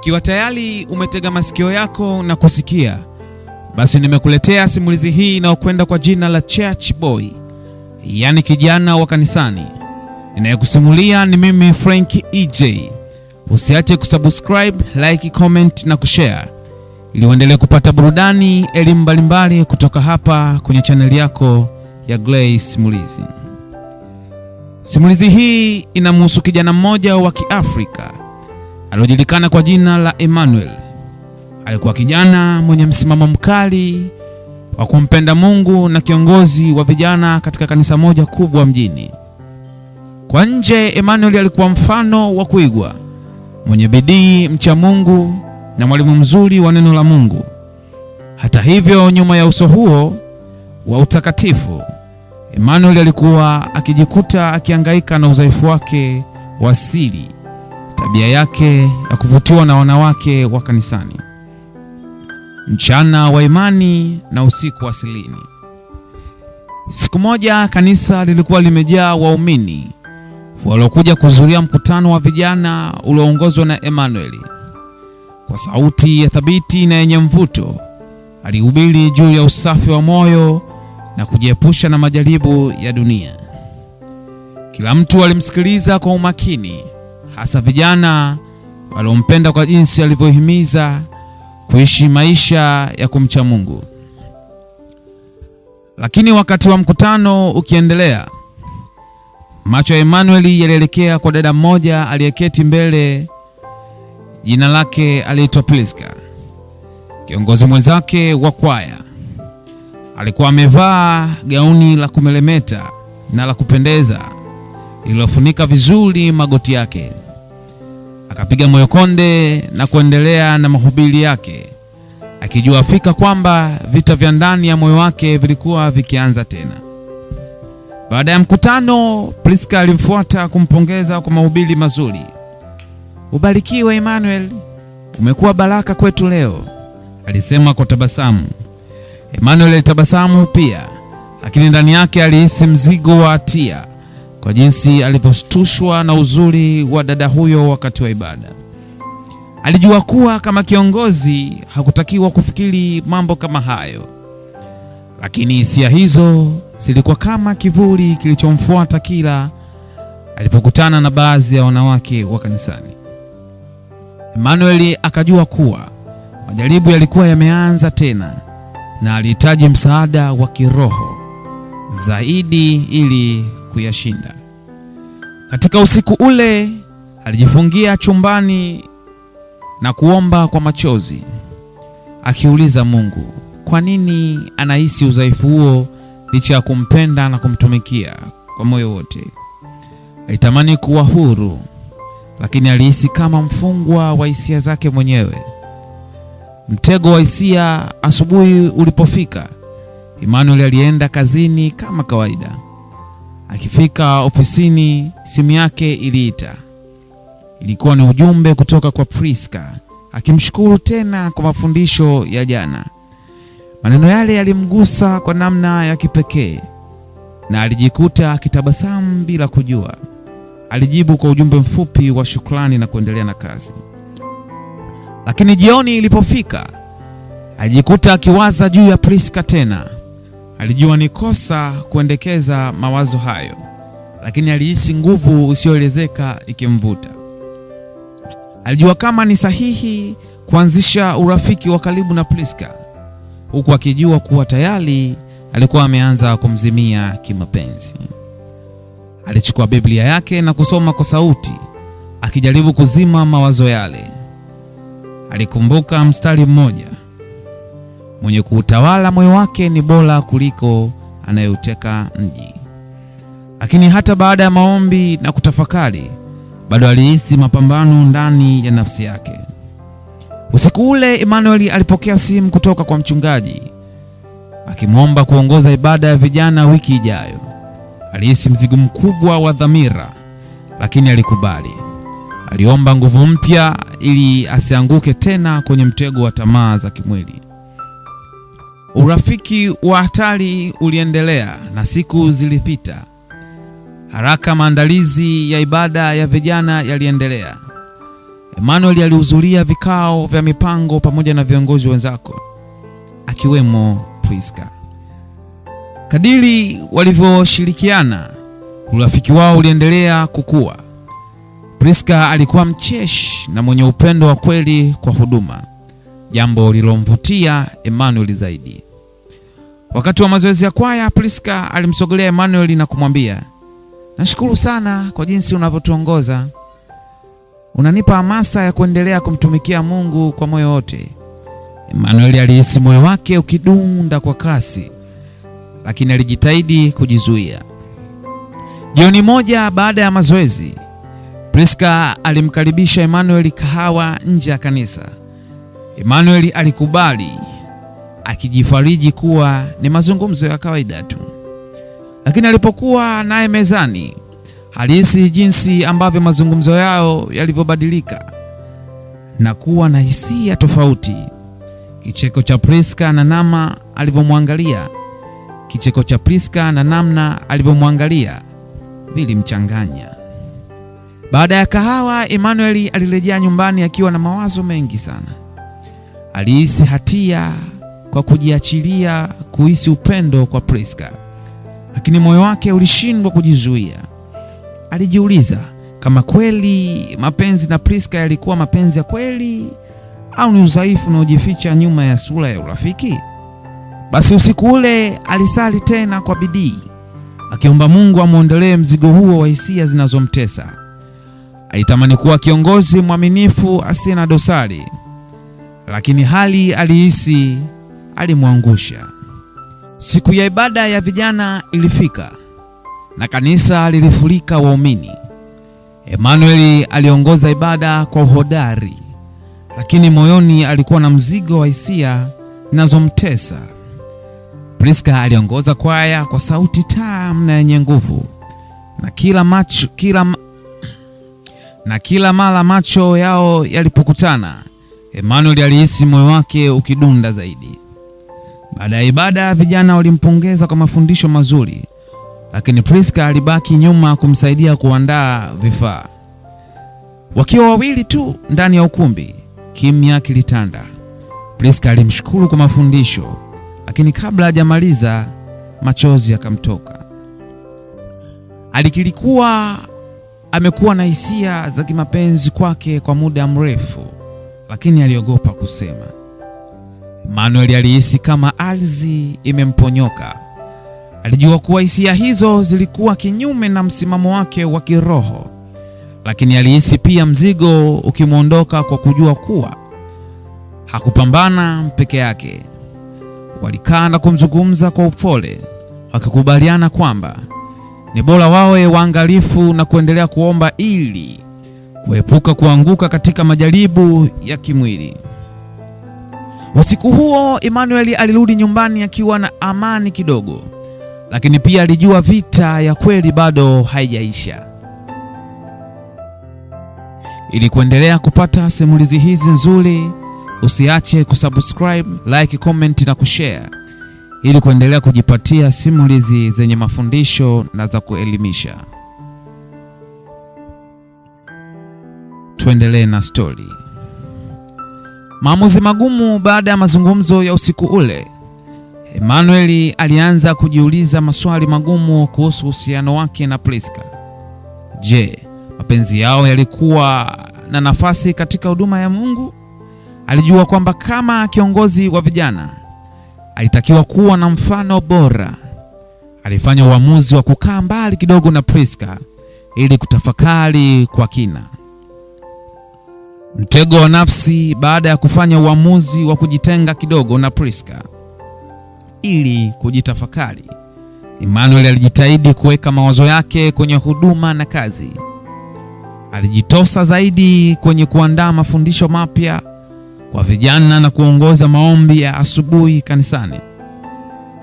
Ikiwa tayari umetega masikio yako na kusikia, basi nimekuletea simulizi hii inayokwenda kwa jina la Church Boy, yaani kijana wa kanisani. Ninayekusimulia ni mimi Frank EJ. Usiache kusubscribe, like, comment na kushare ili uendelee kupata burudani, elimu mbalimbali kutoka hapa kwenye chaneli yako ya Gray Simulizi. Simulizi hii inamhusu kijana mmoja wa Kiafrika aliyojulikana kwa jina la Emmanuel. Alikuwa kijana mwenye msimamo mkali wa kumpenda Mungu na kiongozi wa vijana katika kanisa moja kubwa mjini. Kwa nje, Emmanuel alikuwa mfano wa kuigwa, mwenye bidii, mcha Mungu na mwalimu mzuri wa neno la Mungu. Hata hivyo, nyuma ya uso huo wa utakatifu, Emmanuel alikuwa akijikuta akihangaika na udhaifu wake wa asili tabia yake ya kuvutiwa na wanawake wa kanisani, mchana wa imani na usiku wa silini Siku moja kanisa lilikuwa limejaa waumini waliokuja kuzuria mkutano wa vijana ulioongozwa na Emmanuel. Kwa sauti ya thabiti na yenye mvuto, alihubiri juu ya usafi wa moyo na kujiepusha na majaribu ya dunia. Kila mtu alimsikiliza kwa umakini hasa vijana waliompenda kwa jinsi alivyohimiza kuishi maisha ya kumcha Mungu. Lakini wakati wa mkutano ukiendelea, macho ya Emmanuel yalielekea kwa dada mmoja aliyeketi mbele, jina lake aliitwa Priska, kiongozi mwenzake wa kwaya. Alikuwa amevaa gauni la kumelemeta na la kupendeza lililofunika vizuri magoti yake akapiga moyo konde na kuendelea na mahubiri yake, akijua fika kwamba vita vya ndani ya moyo wake vilikuwa vikianza tena. Baada ya mkutano, Priska alimfuata kumpongeza kwa mahubiri mazuri. Ubarikiwe Emmanuel, umekuwa baraka kwetu leo, alisema kwa tabasamu. Emmanuel alitabasamu pia, lakini ndani yake alihisi mzigo wa hatia kwa jinsi alivyoshtushwa na uzuri wa dada huyo wakati wa ibada. Alijua kuwa kama kiongozi hakutakiwa kufikiri mambo kama hayo, lakini hisia hizo zilikuwa kama kivuli kilichomfuata kila alipokutana na baadhi ya wanawake wa kanisani. Emmanuel akajua kuwa majaribu yalikuwa yameanza tena na alihitaji msaada wa kiroho zaidi ili kuyashinda. Katika usiku ule alijifungia chumbani na kuomba kwa machozi, akiuliza Mungu kwa nini anahisi udhaifu huo licha ya kumpenda na kumtumikia kwa moyo wote. Alitamani kuwa huru, lakini alihisi kama mfungwa wa hisia zake mwenyewe. Mtego wa hisia. Asubuhi ulipofika, Emmanuel alienda kazini kama kawaida. Akifika ofisini, simu yake iliita. Ilikuwa ni ujumbe kutoka kwa Priska akimshukuru tena kwa mafundisho ya jana. Maneno yale yalimgusa kwa namna ya kipekee na alijikuta akitabasamu bila kujua. Alijibu kwa ujumbe mfupi wa shukrani na kuendelea na kazi. Lakini jioni ilipofika, alijikuta akiwaza juu ya Priska tena. Alijua ni kosa kuendekeza mawazo hayo, lakini alihisi nguvu isiyoelezeka ikimvuta. Alijua kama ni sahihi kuanzisha urafiki wa karibu na Priska, huku akijua kuwa tayari alikuwa ameanza kumzimia kimapenzi. Alichukua Biblia yake na kusoma kwa sauti, akijaribu kuzima mawazo yale. Alikumbuka mstari mmoja Mwenye kuutawala moyo wake ni bora kuliko anayeuteka mji. Lakini hata baada ya maombi na kutafakari, bado alihisi mapambano ndani ya nafsi yake. Usiku ule Emmanuel alipokea simu kutoka kwa mchungaji akimwomba kuongoza ibada ya vijana wiki ijayo. Alihisi mzigo mkubwa wa dhamira, lakini alikubali. Aliomba nguvu mpya ili asianguke tena kwenye mtego wa tamaa za kimwili. Urafiki wa hatari uliendelea na siku zilipita. Haraka maandalizi ya ibada ya vijana yaliendelea. Emmanuel alihudhuria vikao vya mipango pamoja na viongozi wenzako akiwemo Priska. Kadiri walivyoshirikiana, urafiki wao uliendelea kukua. Priska alikuwa mcheshi na mwenye upendo wa kweli kwa huduma jambo lilomvutia Emmanuel zaidi. Wakati wa mazoezi ya kwaya, Priska alimsogelea Emmanuel na kumwambia, nashukuru sana kwa jinsi unavyotuongoza, unanipa hamasa ya kuendelea kumtumikia Mungu kwa moyo wote. Emmanuel alihisi moyo wake ukidunda kwa kasi, lakini alijitahidi kujizuia. Jioni moja baada ya mazoezi, Priska alimkaribisha Emmanuel kahawa nje ya kanisa. Emmanuel alikubali akijifariji kuwa ni mazungumzo ya kawaida tu, lakini alipokuwa naye mezani halisi jinsi ambavyo mazungumzo yao yalivyobadilika na kuwa na hisia tofauti. Kicheko cha Priska na namna alivyomwangalia, kicheko cha Priska na namna alivyomwangalia vilimchanganya. Baada ya kahawa, Emmanuel alirejea nyumbani akiwa na mawazo mengi sana alihisi hatia kwa kujiachilia kuhisi upendo kwa Priska, lakini moyo wake ulishindwa kujizuia. Alijiuliza kama kweli mapenzi na Priska yalikuwa mapenzi ya kweli au ni udhaifu unaojificha nyuma ya sura ya urafiki. Basi usiku ule alisali tena kwa bidii, akiomba Mungu amwondolee mzigo huo wa hisia zinazomtesa. Alitamani kuwa kiongozi mwaminifu asiye na dosari lakini hali alihisi alimwangusha. Siku ya ibada ya vijana ilifika na kanisa lilifurika waumini. Emanueli aliongoza ibada kwa uhodari, lakini moyoni alikuwa na mzigo wa hisia zinazomtesa. Priska aliongoza kwaya kwa sauti tamu na yenye nguvu, na kila macho, kila, na kila mara macho yao yalipokutana Emmanuel alihisi moyo wake ukidunda zaidi. Baada ya ibada, vijana walimpongeza kwa mafundisho mazuri, lakini Priska alibaki nyuma kumsaidia kuandaa vifaa. Wakiwa wawili tu ndani ya ukumbi, kimya kilitanda. Priska alimshukuru kwa mafundisho, lakini kabla hajamaliza, machozi yakamtoka. Alikilikuwa amekuwa na hisia za kimapenzi kwake kwa muda mrefu lakini aliogopa kusema. Manuel alihisi kama ardhi imemponyoka. Alijua kuwa hisia hizo zilikuwa kinyume na msimamo wake wa kiroho, lakini alihisi pia mzigo ukimwondoka kwa kujua kuwa hakupambana peke yake. Walikaa na kumzungumza kwa upole, wakikubaliana kwamba ni bora wawe waangalifu na kuendelea kuomba ili kuepuka kuanguka katika majaribu ya kimwili. Usiku huo Emmanuel alirudi nyumbani akiwa na amani kidogo, lakini pia alijua vita ya kweli bado haijaisha. Ili kuendelea kupata simulizi hizi nzuri, usiache kusubscribe, like, comment na kushare ili kuendelea kujipatia simulizi zenye mafundisho na za kuelimisha. tuendelee na stori. Maamuzi magumu. Baada ya mazungumzo ya usiku ule, Emmanuel alianza kujiuliza maswali magumu kuhusu uhusiano wake na Priska. Je, mapenzi yao yalikuwa na nafasi katika huduma ya Mungu? Alijua kwamba kama kiongozi wa vijana alitakiwa kuwa na mfano bora. Alifanya uamuzi wa kukaa mbali kidogo na Priska ili kutafakari kwa kina. Mtego wa nafsi baada ya kufanya uamuzi wa kujitenga kidogo na Priska ili kujitafakari. Emmanuel alijitahidi kuweka mawazo yake kwenye huduma na kazi. Alijitosa zaidi kwenye kuandaa mafundisho mapya kwa vijana na kuongoza maombi ya asubuhi kanisani.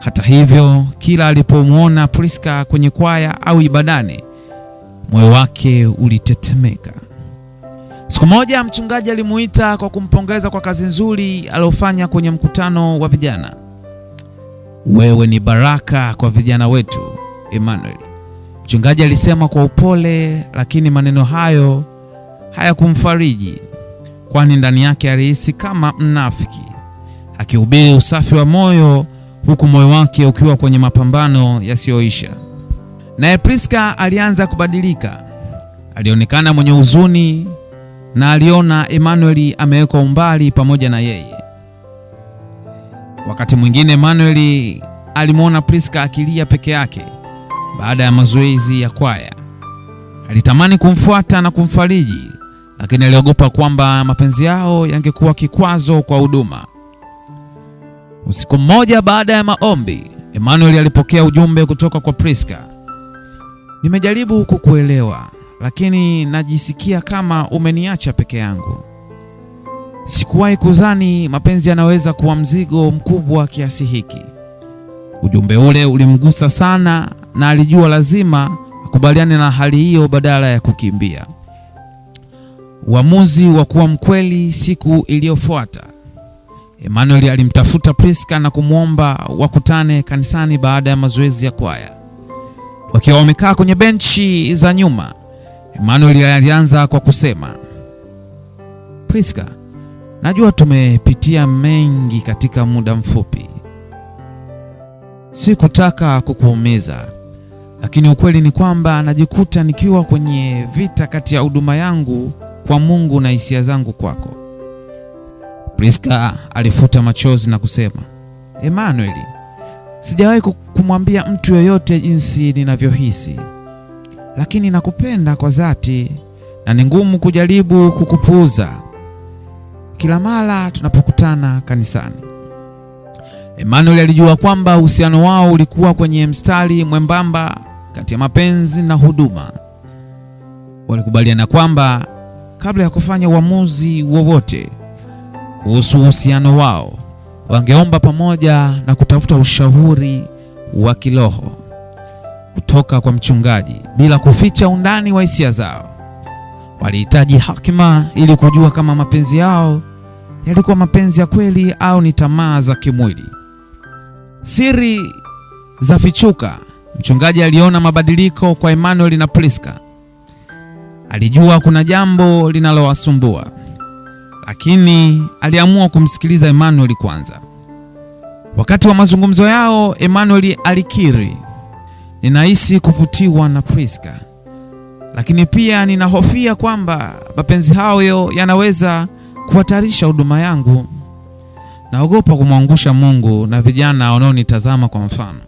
Hata hivyo, kila alipomwona Priska kwenye kwaya au ibadani, moyo wake ulitetemeka. Siku moja mchungaji alimuita kwa kumpongeza kwa kazi nzuri aliyofanya kwenye mkutano wa vijana. Wewe ni baraka kwa vijana wetu, Emmanuel, mchungaji alisema kwa upole, lakini maneno hayo hayakumfariji, kwani ndani yake alihisi kama mnafiki akihubiri usafi wa moyo huku moyo wake ukiwa kwenye mapambano yasiyoisha. Naye Priska alianza kubadilika, alionekana mwenye huzuni na aliona Emanueli amewekwa umbali pamoja na yeye. Wakati mwingine Emanueli alimwona Priska akilia peke yake baada ya mazoezi ya kwaya. Alitamani kumfuata na kumfariji, lakini aliogopa kwamba mapenzi yao yangekuwa kikwazo kwa huduma. Usiku mmoja baada ya maombi, Emanueli alipokea ujumbe kutoka kwa Priska. Nimejaribu kukuelewa lakini najisikia kama umeniacha peke yangu. Sikuwahi kuzani mapenzi yanaweza kuwa mzigo mkubwa kiasi hiki. Ujumbe ule ulimgusa sana, na alijua lazima akubaliane na hali hiyo badala ya kukimbia. Uamuzi wa kuwa mkweli. Siku iliyofuata Emmanuel alimtafuta Priska na kumwomba wakutane kanisani baada ya mazoezi ya kwaya. Wakiwa wamekaa kwenye benchi za nyuma, Emmanuel alianza kwa kusema, Priska, najua tumepitia mengi katika muda mfupi. Sikutaka kukuumiza, lakini ukweli ni kwamba najikuta nikiwa kwenye vita kati ya huduma yangu kwa Mungu na hisia zangu kwako. Priska alifuta machozi na kusema, Emmanuel, sijawahi kumwambia mtu yoyote jinsi ninavyohisi lakini nakupenda kwa dhati na ni ngumu kujaribu kukupuuza kila mara tunapokutana kanisani. Emmanuel alijua kwamba uhusiano wao ulikuwa kwenye mstari mwembamba kati ya mapenzi na huduma. Walikubaliana kwamba kabla ya kufanya uamuzi wowote kuhusu uhusiano wao, wangeomba pamoja na kutafuta ushauri wa kiroho kutoka kwa mchungaji bila kuficha undani wa hisia zao. Walihitaji hakima ili kujua kama mapenzi yao yalikuwa mapenzi ya kweli au ni tamaa za kimwili. Siri za fichuka. Mchungaji aliona mabadiliko kwa Emmanuel na Priska. Alijua kuna jambo linalowasumbua, lakini aliamua kumsikiliza Emmanuel kwanza. Wakati wa mazungumzo yao, Emmanuel alikiri Ninahisi kuvutiwa na Priska, lakini pia ninahofia kwamba mapenzi hayo yanaweza kuhatarisha huduma yangu. Naogopa kumwangusha Mungu na vijana wanaonitazama kwa mfano.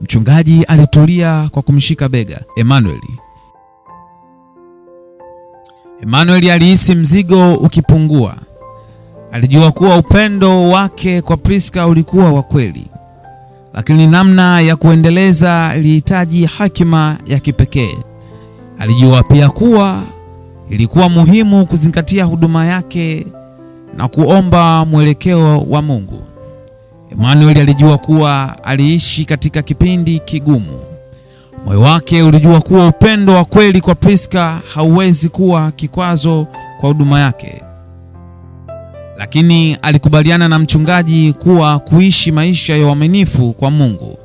Mchungaji alitulia kwa kumshika bega Emmanuel. Emmanuel alihisi mzigo ukipungua. Alijua kuwa upendo wake kwa Priska ulikuwa wa kweli lakini namna ya kuendeleza ilihitaji hakima ya kipekee. Alijua pia kuwa ilikuwa muhimu kuzingatia huduma yake na kuomba mwelekeo wa Mungu. Emmanuel alijua kuwa aliishi katika kipindi kigumu. Moyo wake ulijua kuwa upendo wa kweli kwa Priska hauwezi kuwa kikwazo kwa huduma yake lakini alikubaliana na mchungaji kuwa kuishi maisha ya uaminifu kwa Mungu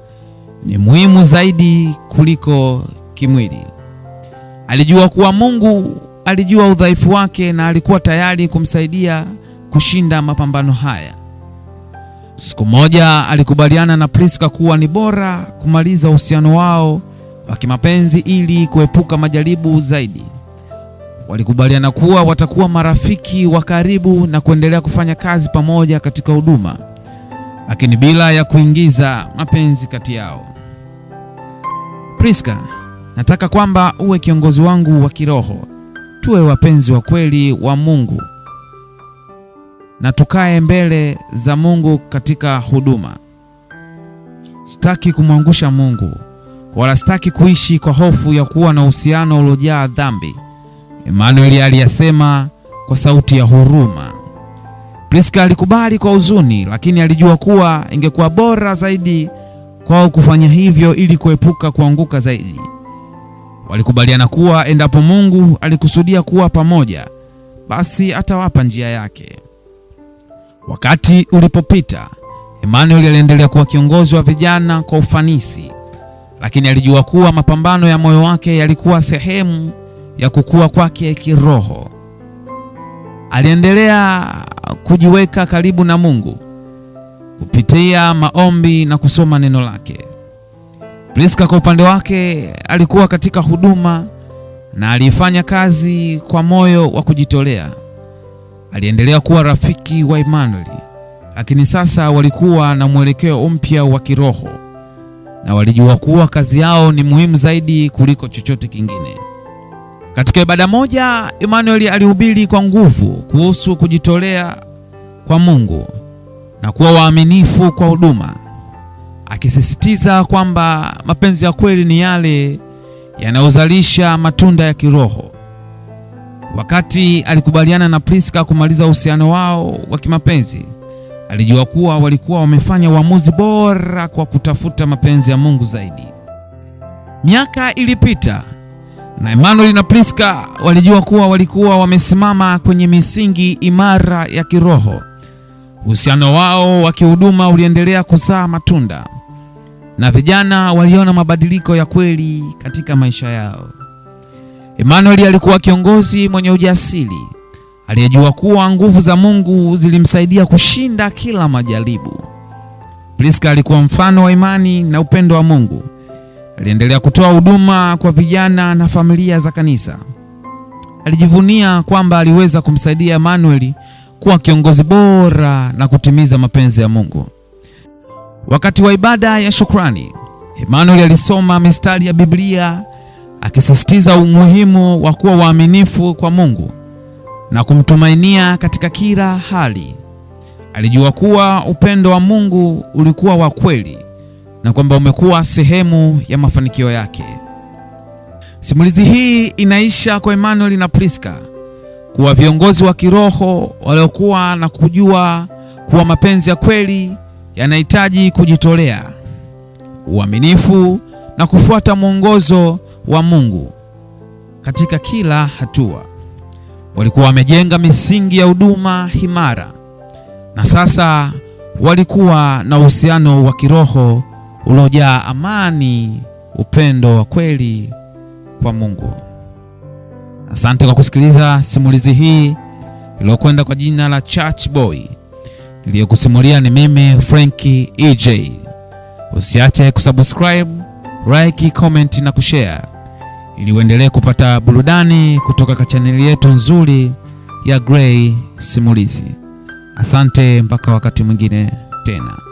ni muhimu zaidi kuliko kimwili. Alijua kuwa Mungu alijua udhaifu wake na alikuwa tayari kumsaidia kushinda mapambano haya. Siku moja alikubaliana na Priska kuwa ni bora kumaliza uhusiano wao wa kimapenzi ili kuepuka majaribu zaidi. Walikubaliana kuwa watakuwa marafiki wa karibu na kuendelea kufanya kazi pamoja katika huduma, lakini bila ya kuingiza mapenzi kati yao. Priska, nataka kwamba uwe kiongozi wangu wa kiroho, tuwe wapenzi wa kweli wa Mungu na tukae mbele za Mungu katika huduma. Sitaki kumwangusha Mungu wala sitaki kuishi kwa hofu ya kuwa na uhusiano uliojaa dhambi. Emanueli aliyasema kwa sauti ya huruma. Priska alikubali kwa huzuni, lakini alijua kuwa ingekuwa bora zaidi kwao kufanya hivyo ili kuepuka kuanguka zaidi. Walikubaliana kuwa endapo Mungu alikusudia kuwa pamoja, basi atawapa njia yake. Wakati ulipopita, Emmanuel aliendelea kuwa kiongozi wa vijana kwa ufanisi, lakini alijua kuwa mapambano ya moyo wake yalikuwa sehemu ya kukua kwake kiroho. Aliendelea kujiweka karibu na Mungu kupitia maombi na kusoma neno lake. Priska kwa upande wake alikuwa katika huduma na aliifanya kazi kwa moyo wa kujitolea. Aliendelea kuwa rafiki wa Emmanuel, lakini sasa walikuwa na mwelekeo mpya wa kiroho na walijua kuwa kazi yao ni muhimu zaidi kuliko chochote kingine. Katika ibada moja, Emmanuel alihubiri kwa nguvu kuhusu kujitolea kwa Mungu na kuwa waaminifu kwa huduma, akisisitiza kwamba mapenzi ya kweli ni yale yanayozalisha matunda ya kiroho. Wakati alikubaliana na Priska kumaliza uhusiano wao wa kimapenzi, alijua kuwa walikuwa wamefanya uamuzi bora kwa kutafuta mapenzi ya Mungu zaidi. Miaka ilipita na Emmanuel na Priska walijua kuwa walikuwa wamesimama kwenye misingi imara ya kiroho. Uhusiano wao wa kihuduma uliendelea kuzaa matunda na vijana waliona mabadiliko ya kweli katika maisha yao. Emmanuel alikuwa kiongozi mwenye ujasiri aliyejua kuwa nguvu za Mungu zilimsaidia kushinda kila majaribu. Priska alikuwa mfano wa imani na upendo wa Mungu Aliendelea kutoa huduma kwa vijana na familia za kanisa. Alijivunia kwamba aliweza kumsaidia Emmanuel kuwa kiongozi bora na kutimiza mapenzi ya Mungu. Wakati wa ibada ya shukrani, Emmanuel alisoma mistari ya Biblia akisisitiza umuhimu wa kuwa waaminifu kwa Mungu na kumtumainia katika kila hali. Alijua kuwa upendo wa Mungu ulikuwa wa kweli na kwamba umekuwa sehemu ya mafanikio yake. Simulizi hii inaisha kwa Emmanuel na Priska kuwa viongozi wa kiroho waliokuwa na kujua kuwa mapenzi ya kweli yanahitaji kujitolea, uaminifu na kufuata mwongozo wa Mungu katika kila hatua. Walikuwa wamejenga misingi ya huduma imara na sasa walikuwa na uhusiano wa kiroho uliojaa amani, upendo wa kweli kwa Mungu. Asante kwa kusikiliza simulizi hii iliyokwenda kwa jina la Church Boy. Niliyokusimulia ni mimi Frankie EJ. Usiache kusubscribe, like, comment na kushare ili uendelee kupata burudani kutoka kwa chaneli yetu nzuri ya Gray Simulizi. Asante mpaka wakati mwingine tena.